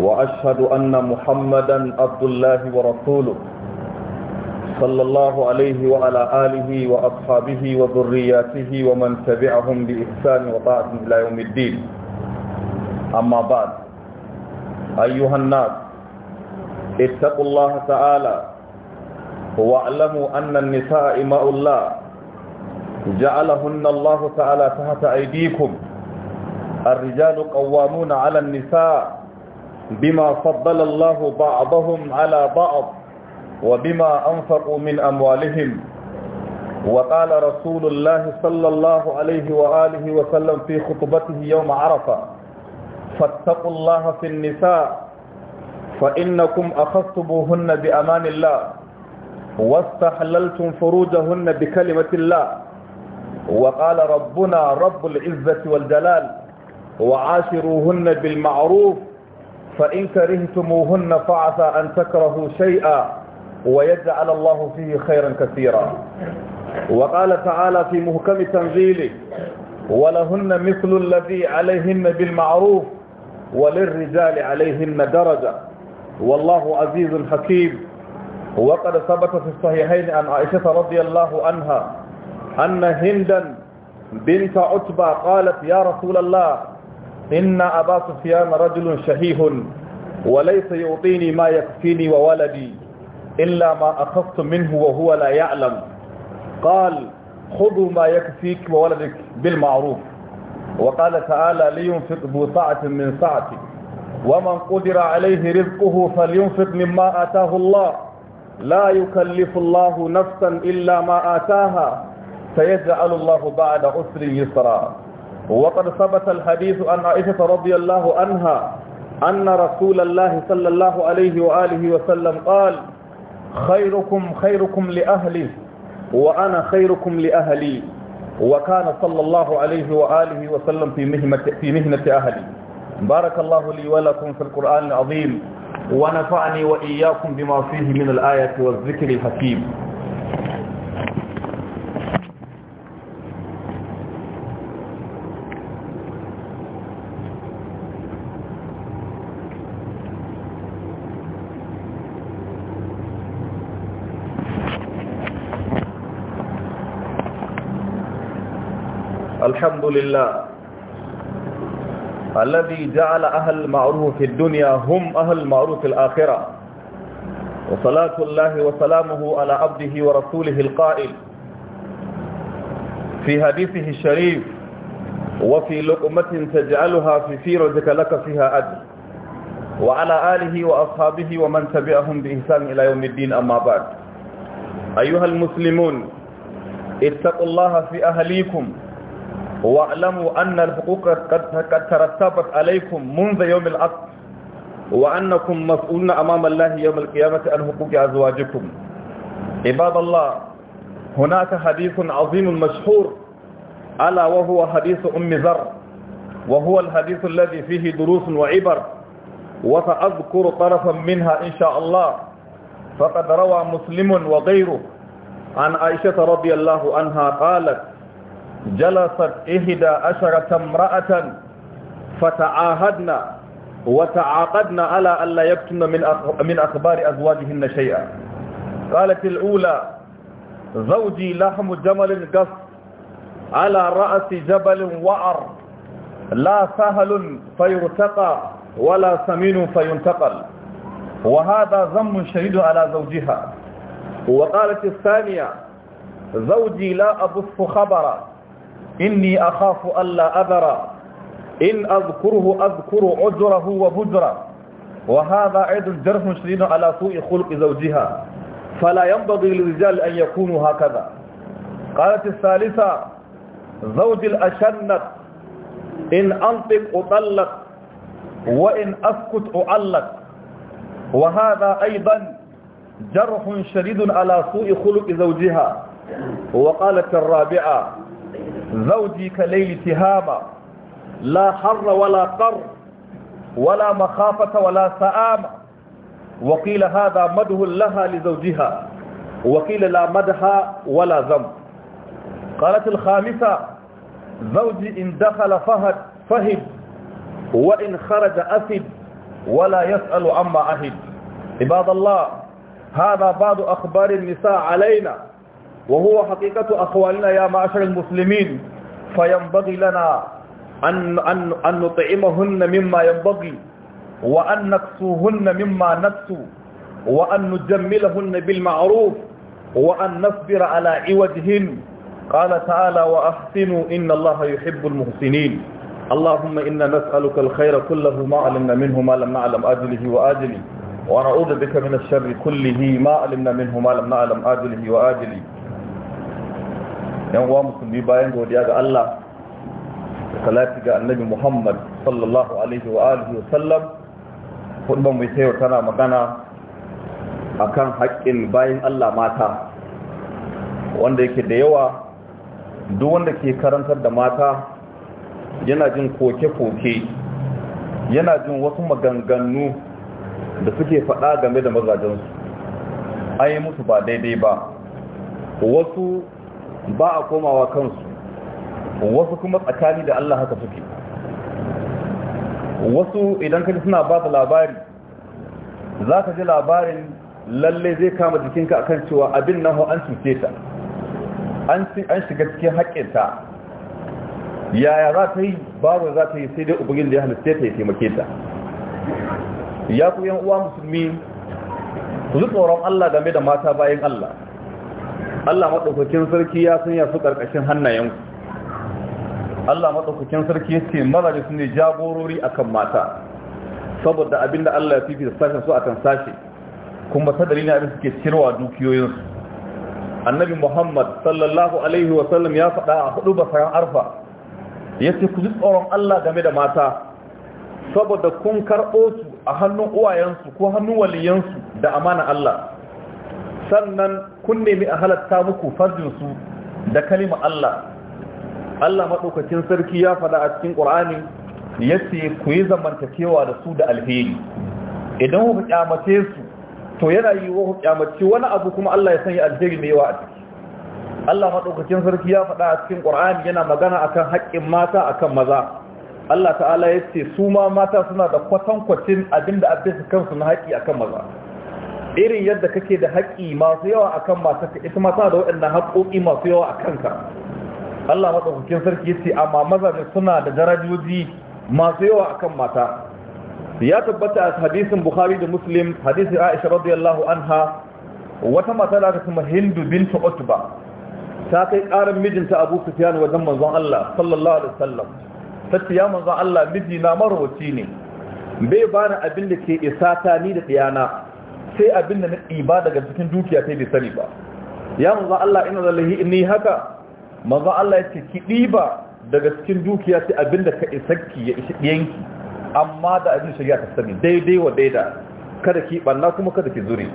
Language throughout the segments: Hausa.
وأشهد أن محمدا عبد الله ورسوله صلى الله عليه وعلى آله وأصحابه وذرياته ومن تبعهم بإحسان وطاعة إلى يوم الدين أما بعد أيها الناس اتقوا الله تعالى واعلموا أن النساء اماء الله جعلهن الله تعالى تحت أيديكم الرجال قوامون على النساء بما فضل الله بعضهم على بعض وبما أنفقوا من أموالهم وقال رسول الله صلى الله عليه وآله وسلم في خطبته يوم عرفة فاتقوا الله في النساء فإنكم أخصبوهن بأمان الله واستحللتم فروجهن بكلمة الله وقال ربنا رب العزة والجلال وعاشروهن بالمعروف فإن كرهتموهن فعسى أن تكرهوا شيئا ويجعل الله فيه خيرا كثيرا وقال تعالى في مهكم تنزيله ولهن مثل الذي عليهن بالمعروف وللرجال عليهن درجة والله عزيز حكيم وقد ثبت في الصحيحين عن عائشة رضي الله عنها أن هندا بنت عتبة قالت يا رسول الله إن أبا سفيان رجل شهيه وليس يعطيني ما يكفيني وولدي إلا ما أخذت منه وهو لا يعلم قال خذوا ما يكفيك وولدك بالمعروف وقال تعالى لينفق ذو سعة من سعته ومن قدر عليه رزقه فلينفق مما آتاه الله لا يكلف الله نفسا إلا ما آتاها فيجعل الله بعد عسر يسرا وقد ثبت الحديث عن عائشة رضي الله عنها أن رسول الله صلى الله عليه وآله وسلم قال خيركم خيركم لأهلي وأنا خيركم لأهلي وكان صلى الله عليه وآله وسلم في مهنة, في مهنة أهلي بارك الله لي ولكم في القرآن العظيم ونفعني وإياكم بما فيه من الآية والذكر الحكيم الحمد لله الذي جعل أهل معروف في الدنيا هم أهل معروف الآخرة وصلاة الله وسلامه على عبده ورسوله القائل في حديثه الشريف وفي لقمة تجعلها في فيرزك لك فيها أدل وعلى آله وأصحابه ومن تبعهم بإنسان إلى يوم الدين أما بعد أيها المسلمون اتقوا الله في أهليكم واعلموا أن الحقوق قد ترتبت عليكم منذ يوم العصر وأنكم مسؤولون أمام الله يوم القيامة عن حقوق أزواجكم عباد الله هناك حديث عظيم مشهور ألا وهو حديث أم ذر وهو الحديث الذي فيه دروس وعبر وسأذكر طرفا منها إن شاء الله فقد روى مسلم وغيره عن عائشة رضي الله عنها قالت جلست إحدى عشرة امرأة فتعاهدنا وتعاقدنا على ألا يكتن من من أخبار أزواجهن شيئا قالت الأولى زوجي لحم جمل قص على رأس جبل وعر لا سهل فيرتقى ولا سمين فينتقل وهذا ذم شديد على زوجها وقالت الثانية زوجي لا أبث خبرا إني أخاف ألا أذر إن أذكره أذكر عذره وبجره وهذا عيد جرح شديد على سوء خلق زوجها فلا ينبغي للرجال أن يكونوا هكذا قالت الثالثة زوج الأشنق إن أنطق أطلق وإن أسكت أعلق وهذا أيضا جرح شديد على سوء خلق زوجها وقالت الرابعة زوجي كليل تهامة لا حر ولا قر ولا مخافة ولا سآم وقيل هذا مده لها لزوجها وقيل لا مدها ولا زم قالت الخامسة زوجي إن دخل فهد فهد وإن خرج أسد ولا يسأل عما أهد عباد الله هذا بعض أخبار النساء علينا وهو حقيقة أخوالنا يا معشر المسلمين فينبغي لنا أن, أن, أن نطعمهن مما ينبغي وأن نكسوهن مما نكسو وأن نجملهن بالمعروف وأن نصبر على عوجهن قال تعالى وأحسنوا إن الله يحب المحسنين اللهم إنا نسألك الخير كله ما علمنا منه ما لم نعلم آجله وآجله ونعوذ بك من الشر كله ما علمنا منه ما لم نعلم آجله وآجله yan uwa musulmi bayan godiya ga Allah da salati ga annabi Muhammad sallallahu alaihi wa alihi wa sallam hudban mai sayo tana magana akan haƙƙin bayan Allah mata wanda yake da yawa duk wanda ke karantar da mata yana jin koke-koke yana jin wasu maganganu da suke faɗa game da mazajensu an yi musu ba daidai ba wasu ba a komawa kansu wasu kuma tsakani da Allah haka suke wasu idan kaji suna ba da labari za ka ji labarin lalle zai kama jikinka a kan cewa abin nan an cuce ta an shiga cikin haƙƙinta yaya za ta yi babu za ta yi sai dai ubugin da ya halitta ta ya taimake ta ya ku yan uwa musulmi ku tsoron Allah game da mata bayan Allah Allah maɗaukakin sarki ya sanya su ƙarƙashin ku. Allah maɗaukakin sarki ya ce mazaje su ne jagorori akan mata saboda abinda Allah ya fifi da sashen su akan sashe kuma ta dalilin abin suke cirwa dukiyoyinsu annabi Muhammad sallallahu alaihi wa ya faɗa a hudu ba sayan arfa ya ce ku ji tsoron Allah game da mata saboda kun karɓo su a hannun uwayensu ko hannun waliyansu da amana Allah sannan kun nemi a halatta muku farjinsu da kalima Allah Allah maɗaukacin sarki ya faɗa a cikin ƙur'ani ya ce ku yi zamantakewa da su da alheri idan ku kyamace su to yana yi wa ku kyamace wani abu kuma Allah ya sanya alheri mai yawa a ciki Allah maɗaukacin sarki ya faɗa a cikin ƙur'ani yana magana akan haƙƙin mata akan maza Allah ta'ala ya ce su ma mata suna da kwatankwacin abinda abin su kansu na haƙƙi akan maza irin yadda kake da haƙƙi masu yawa akan ka ita mata da waɗannan haƙƙoƙi masu yawa a kanka Allah maɗaukakin sarki yace amma maza ne suna da darajoji masu yawa akan mata ya tabbata a hadisin Bukhari da Muslim hadisin Aisha radiyallahu anha wata mata da aka kuma Hindu bin Utba ta kai ƙarin mijinta Abu sufiyan wajen manzon Allah sallallahu alaihi wasallam ce ya manzon Allah miji na marwaci ne bai bani abin da ke isa ta ni da tsiyana sai abinda da na ɗiba daga cikin dukiya sai bai sani ba ya manzo Allah ina lillahi inni haka manzo Allah ya ce ki ɗiba daga cikin dukiya sai abinda ka isakki ya ishi ɗiyanki amma da abin shari'a ta sani daidai wa daida kada ki banna kuma kada ki zuri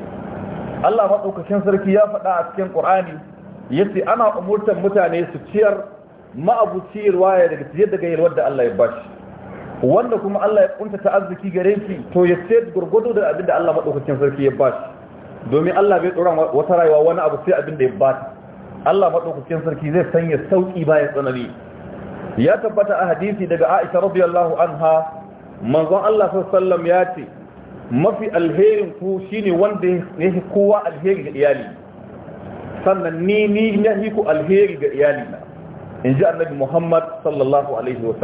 Allah daukakin sarki ya faɗa a cikin ƙur'ani yace ana umurtan mutane su ciyar ma'abuciyar ciyarwa daga ciyar daga yalwar da Allah ya bashi wanda kuma Allah ya kunta ta arziki gare shi to ya ce gurgudu da abin da Allah madaukakin sarki ya ba shi domin Allah bai tsoron wata rayuwa wani abu sai abin da ya ba shi Allah madaukakin sarki zai sanya sauki bayan tsanani ya tabbata a hadisi daga Aisha radiyallahu anha manzon Allah sallallahu ya ce mafi alherin ku shine wanda ya yi kowa alheri ga iyali sannan ni ni ne ku alheri ga iyali na in ji annabi Muhammad sallallahu alaihi wa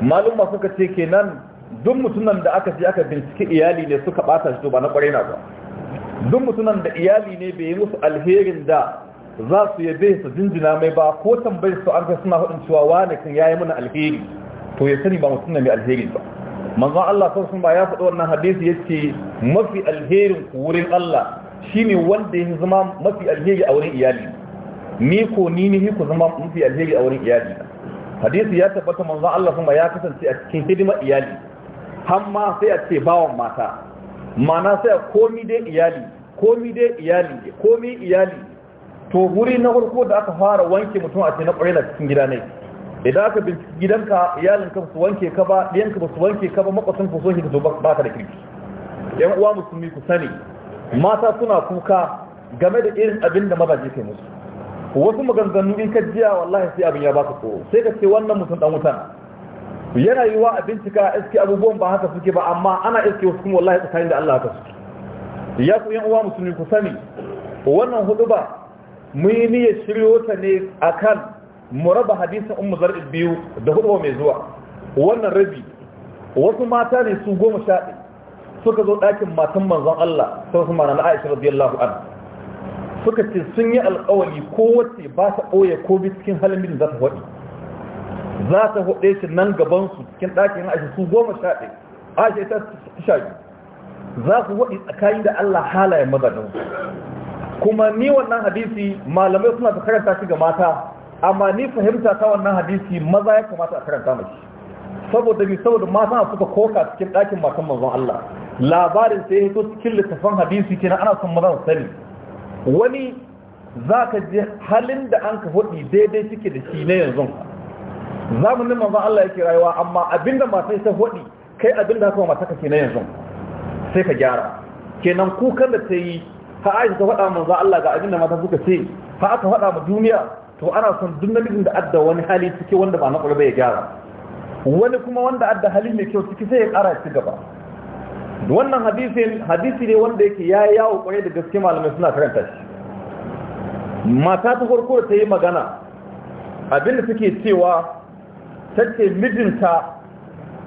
malumma suka ce kenan duk mutumin da aka ce aka bincike iyali ne suka bata shi to ba na kware na ba duk mutumin da iyali ne bai yi musu alherin da za su yabe su jinjina mai ba ko tambayi su an suna hudun cewa wani kan yayi mana alheri to ya sani ba mutum mai alheri ba manzon Allah sun sun ba ya faɗi wannan hadisi yace mafi alherin ku wurin Allah shine wanda ya zama mafi alheri a wurin iyali ni ko ni ne ku zama mafi alheri a wurin iyali hadisi ya tabbata manzo Allah kuma ya kasance a cikin hidima iyali hamma sai a ce bawan mata mana sai a komi dai iyali komi dai iyali komi iyali to guri na farko da aka fara wanke mutum a ce na ƙwarai na cikin gida ne idan aka binciki gidanka iyalin ka su wanke ka ba ɗiyanka ba su wanke ka ba makwasan ku so shi ba ka da kirki yan uwa musulmi ku sani mata suna kuka game da irin abin da mazaje kai musu wasu maganganu in ka jiya wallahi sai abin ya baka ko sai ka ce wannan mutum dan wutan yana yi wa bincika iske abubuwan ba haka suke ba amma ana iske wasu kuma wallahi tsakanin da Allah haka suke ya ku yan uwa musulmi ku sani wannan hudu ba mun yi niyyar shiryo ta ne akan mu raba hadisin ummu zar'i biyu da hudu mai zuwa wannan rabi wasu mata ne su goma sha suka zo ɗakin matan manzon Allah sai su mana na Aisha radiyallahu anha suka ce sun yi alkawari ko wacce ba ta ɓoye ko bi cikin halin za ta faɗi za ta haɗe shi nan gabansu cikin ɗakin ashe su goma sha ɗaya ashe ta sha biyu za su haɗe tsakanin da Allah halaye mazajen kuma ni wannan hadisi malamai suna ta karanta shi ga mata amma ni fahimta ta wannan hadisi maza ya kamata a karanta mashi saboda bi saboda mata suka koka cikin ɗakin matan manzon Allah labarin sai ya hito cikin littafin hadisi kenan ana son maza su sani wani za ka ji halin da an ka hudi daidai suke da shi na yanzu zamanin ba Allah yake rayuwa amma abinda yi ta hudu kai abinda haka mata ke na yanzu sai ka gyara kenan kukan da ta yi ha aisha ta faɗa za Allah ga abinda mata suka ce ha aka faɗa ma duniya to ana son duk namijin da adda wani hali cike wanda ba na ƙwarbe ya gyara wani kuma wanda adda hali mai kyau ciki sai ya ƙara ci gaba wannan hadisin hadisi ne wanda yake ya yawo kwaye da gaske malamai suna karanta shi mata ta farko ta yi magana abinda suke cewa ta ce mijinta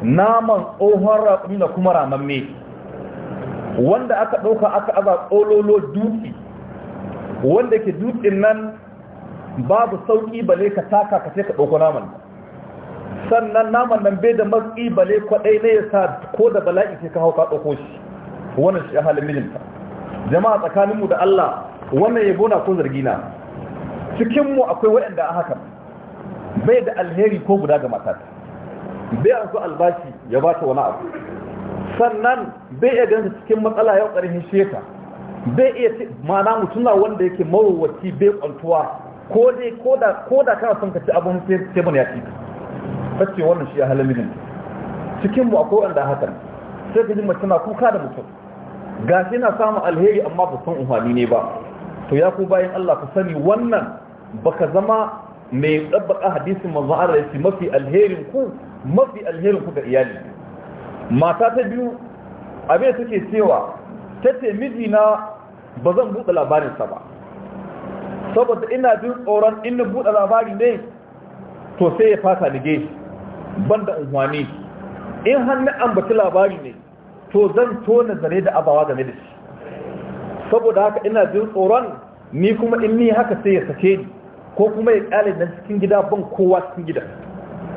naman tsohon raƙumi da kuma ramamme wanda aka ɗauka aka aza ƙololo dutse wanda ke dutsen nan babu sauƙi bale ka taka ka ce ka ɗauko naman sannan naman nan bai da matsi bale kwaɗai na ya sa ko da bala'i ke kawo ka ɗauko shi wannan shi halin mijinta jama'a tsakaninmu da Allah wannan yabo na ko zargi na cikinmu akwai waɗanda a haka bai da alheri ko guda ga matata bai an so albashi ya ba ta wani abu sannan bai iya ganin cikin matsala yau ƙarfin sheka bai iya ce mana mutuna wanda yake mawawaci bai kwantuwa ko dai da kana son ka ci abun sai mun ya ci bace wannan shi a mijin cikin mu akwai wanda hakan sai ka ji mace na kuka da mutum ga shi na samun alheri amma ba san umarni ne ba to ya ku bayan Allah ku sani wannan baka zama mai dabbaka hadisin manzo Allah ce mafi alherin ku mafi alherin ku ga iyali mata ta biyu abin da take cewa tace miji na zan buɗe labarin sa ba saboda ina jin tsoron in buɗe labari ne to sai ya fata nige banda da unhwani in hannun ambaci labari ne to zan tona zane da abawa game da shi saboda haka ina jin tsoron ni kuma in ni haka sai ya sake ni ko kuma ya kyale nan cikin gida ban kowa cikin gida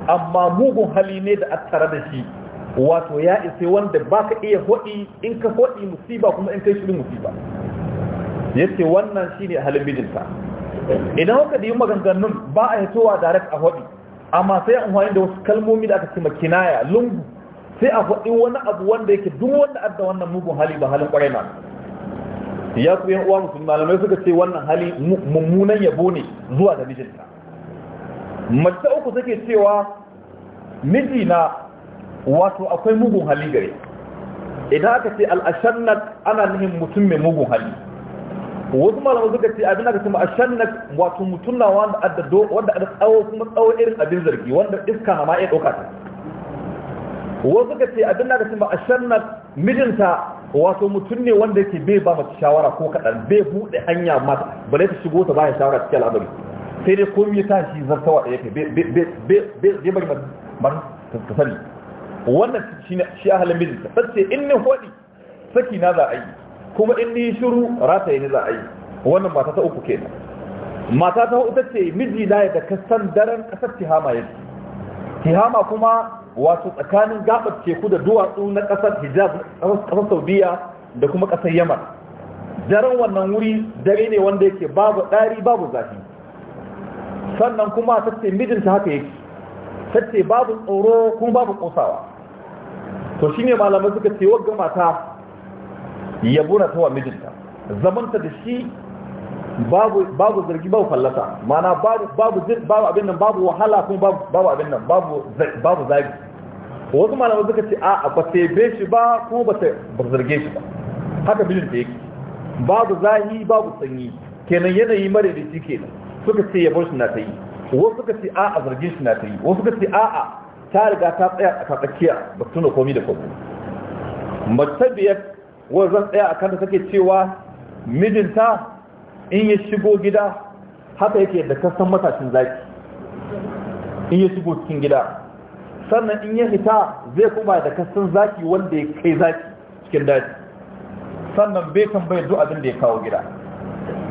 amma mugun hali ne da attara da shi wato ya isa wanda baka iya hodi in ka hodi musiba kuma in kai shirin musiba Ya ce wannan shine halin bijinta idan kuka yi maganganun ba a hitowa direct a hodi amma sai an wani da wasu kalmomi da aka ce kinaya lungu sai a faɗi wani abu wanda yake duk wanda adda wannan mugun hali ba halin ƙwarai na ya ku yan uwa musulmi malamai suka ce wannan hali mummunan yabo ne zuwa da mijinta mace uku take cewa miji na wato akwai mugun hali gare idan aka ce al'ashannan ana nihin mutum mai mugun hali wasu malamu suka ce abin aka kuma a wato mutum na wanda adda wanda adda tsawo kuma tsawo irin abin zargi wanda iska na ma ya ɗauka ta wasu suka ce abin aka kuma a mijinta wato mutum ne wanda yake bai ba mace shawara ko kaɗan bai bude hanya mata bare ta shigo ta ba shawara cikin al'amari sai dai komai ta shi zartawa da yake bai bai mace ta sani wannan shi ahalin mijinta sace in ni hodi, saki na za a yi kuma in ni shiru rata yi za a yi wannan mata ta uku ke. mata ta hudu ce miji na da san daren kasar tihama yake tihama kuma wato tsakanin gabar teku da duwatsu na kasar hijab kasar saudiya da kuma kasar yaman daren wannan wuri dare ne wanda yake babu ɗari babu zafi sannan kuma ta ce mijinta haka yake ta ce babu tsoro kuma babu kosawa to shi ne malamai suka ce wagga mata yabura ta wa mijinta zamanta da shi babu babu zargi babu fallata mana babu babu babu abin nan babu wahala kuma babu babu abin nan babu babu zagi wasu malamai suka ce a ba ta yabe shi ba kuma ba ta zarge shi ba haka da yake babu zahi babu sanyi kenan yanayi mare da shi kenan suka ce bar shi na ta yi wasu suka ce a a zargin shi na ta yi wasu suka ce a a ta riga ta tsaya a tsakiya ba tuna komi da komi mace biyar Wani zan tsaya a kanta take cewa mijinta in ya shigo gida haka yake da kasan matashin zaki in ya shigo cikin gida sannan in ya hita zai kuma da kasan zaki wanda ya kai zaki cikin daji sannan bai tambaye duk abin da ya kawo gida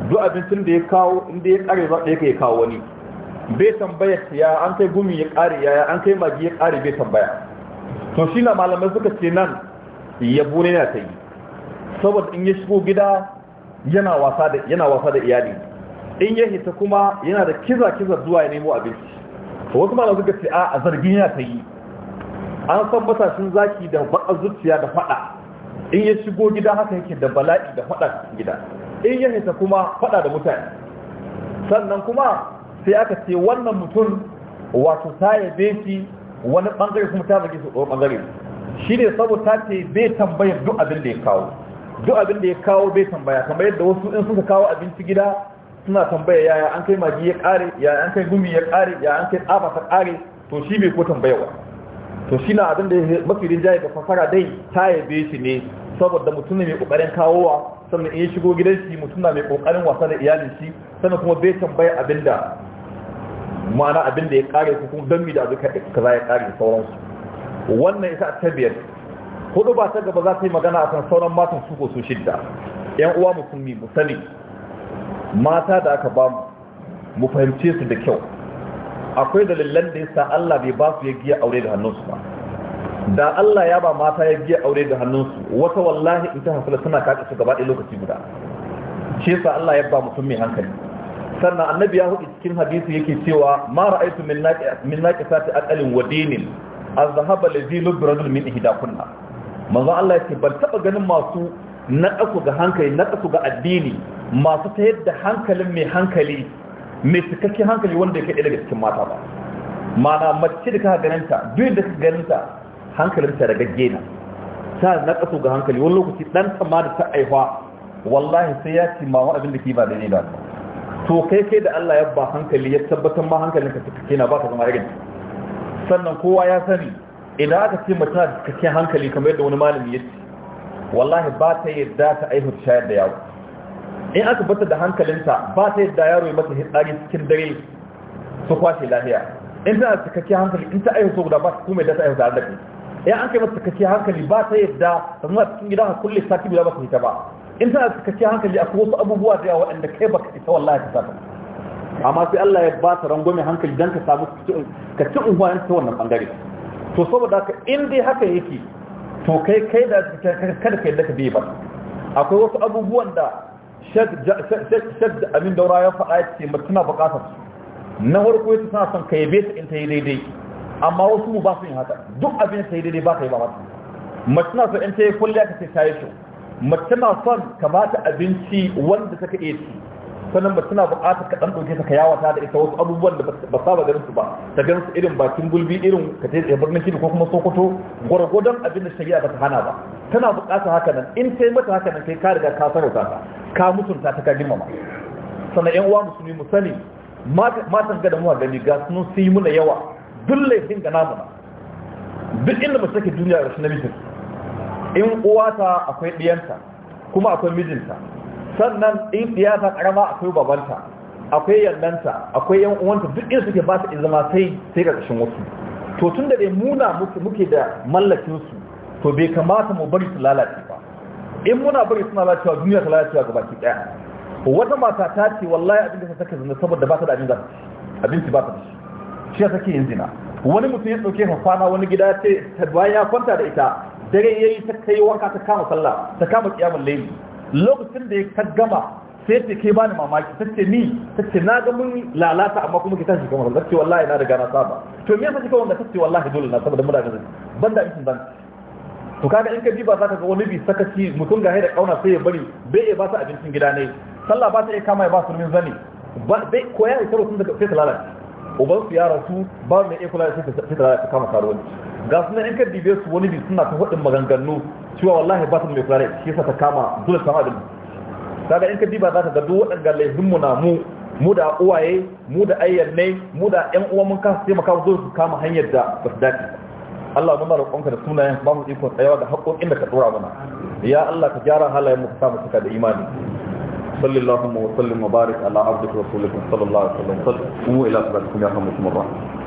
duk abincin da ya kawo inda ya kare zaɓe ya ka ya kawo wani bai tambaya ya an kai gumi ya kare ya an kai magi ya kare bai tambaya to shi na malamai suka ce nan yabo ne na ta yi saboda in ya shigo gida yana wasa da iyali in ya hita kuma yana da kiza kiza zuwa ya nemo abinci wasu wasu malamai suka ce a zargin ya ta yi an san matashin zaki da baƙar zuciya da faɗa in ya shigo gida haka yake da bala'i da faɗa gida in ya hita kuma faɗa da mutane sannan kuma sai aka ce wannan mutum wato ta yabe shi wani ɓangare kuma ta zage su ɗaya ɓangare shi ne saboda ta ce zai tambayar duk abin da ya kawo duk abin da ya kawo bai tambaya kamar yadda wasu in suka kawo abinci gida suna tambaya yaya an kai magi ya kare yaya an kai gumi ya kare yaya an kai tsaba ta kare to shi bai ko tambaya to shi na abin da mafi rinjaye da fasara dai ta yabe shi ne saboda mutum ne mai kokarin kawowa sannan in ya shigo gidan shi mutum na mai kokarin wasa da iyalin shi sannan kuma bai tambaya abin da ma'ana abin da ya kare ko kuma don mi da abin kaza ya kare sauransu wannan ita ta biyar hudu ba ta gaba za ta yi magana a kan sauran matan ko su shidda yan uwa musulmi mu sani mata da aka bamu mu fahimce su da kyau akwai dalilan da yasa Allah bai ba su ya giya aure da hannunsu ba da Allah ya ba mata ya giya aure da hannunsu wata wallahi in ta hasala suna kaɗa su gaba ɗaya lokaci guda shi yasa Allah ya ba mutum hankali sannan annabi ya hudu cikin hadisi yake cewa ma ra'aytu min naqisati aqalin wa dinin azhaba ladhi lubradul min ihdakunna manzon Allah ya ce ban taba ganin masu naƙasu ga hankali naƙasu ga addini masu ta yadda hankalin mai hankali mai cikakken hankali wanda ya kai daga cikin mata ba mana mace da ka ganinta duk da ka ganinta hankalin ta daga gena. ta ƙasu ga hankali wani lokaci ɗan ma da ta aihuwa wallahi sai ya ci mawa abin da ke ba daidai ba to kai kai da Allah ya ba hankali ya tabbatar ma hankalinka cikakke na ba ka zama rigin sannan kowa ya sani idan aka ce mata da cikakken hankali kamar yadda wani malami ya ce wallahi ba ta yadda ta aihu ta shayar da yaro in aka bata da hankalinta ba ta yadda yaro ya mata hitsari cikin dare su kwashe lafiya in tana cikakken hankali in ta aihu so guda ba ta kuma yadda ta aihu da arziki in an kai mata cikakken hankali ba ta yadda ta zama cikin gida ka kulle sati guda ba ta fita ba in tana cikakken hankali akwai wasu abubuwa da yawa waɗanda kai baka isa wallahi ka sata amma sai Allah ya ba ta rangwame hankali don ka samu ka ci unguwa ta wannan bangare to saboda haka in dai haka yake to kai kai da kada kai da ka bi ba akwai wasu abubuwan da shek da amin daura ya faɗa ya ce mutuna buƙatar na harko ya tana son ka yabe ta in ta yi daidai amma wasu mu ba su yin haka duk abin ta yi daidai ba ka yi ba mata mace na son in ta yi kulliya ka ce ta yi shi mace na son ka ba ta abinci wanda ta ka iya ci sannan ba suna buƙatar ka ɗan ɗauke ka yawata da ita wasu abubuwan da ba saba ganin su ba ta ganin su irin bakin gulbi irin ka ta tsaye birnin kidi ko kuma sokoto gwargwadon abin da shari'a ba ta hana ba tana buƙatar haka nan in sai mata haka nan kai ka riga ka da ta ka mutunta ta ka girmama sanan yan uwa musulmi mu sani matan ga da muka gani ga sun su yi muna yawa duk laifin ga namu duk inda mace take duniya a rashin namijin in uwata akwai ɗiyanta kuma akwai mijinta sannan in siyasa karama akwai babanta akwai yannanta akwai yan uwanta duk inda suke ba su zama sai sai karkashin wasu to tun da dai muna muke da mallakin su to bai kamata mu bari su lalace ba in muna bari suna lalacewa duniya ta lalacewa gaba ki daya wata mata ta ce wallahi abin da ta saka zina saboda ba ta da abin da abinci ba ta da shi shi ya sake yin zina wani mutum ya dauke ka kwana wani gida ya ce ta bayan ya kwanta da ita dare yayi ta kai wanka ta kama sallah ta kama kiyamul layli lokacin da ya gama sai ce ke bani mamaki ta ce ni ta ce na ga mun lalata amma kuma ki tashi kamar ta ce wallahi na da na saba to me yasa kika wanda ta ce wallahi dole na saboda mura ganin banda in ban to kaga in ka bi ba za ka ga wani bi sakaci mutum ga da kauna sai ya bari bai ya ba su abincin gida ne sallah ba ta iya kama ya ba su min zani bai koya ya karo sun da sai ta lalata uban su ya su ba mai iya kula da da ta kama wani ga suna in ka dibe su wani bi suna ta hudun maganganu cewa wallahi ba su mai kula da shi yasa ta kama dole sama da kaga in ka diba za ka ga duk waɗanda laifin mu na mu mu da uwaye mu da ayyannai mu da ƴan uwa mun kasa makawa mu su kama hanyar da ba su dace Allah mara kwanka da sunayen ba mu ikon tsayawa da haƙƙoƙin da ka tsora mana ya Allah ka gyara halayen mu ka samu suka da imani صل اللهم وسلم وبارك على عبدك ورسولك صلى الله عليه وسلم قوموا الى يا رحمة الله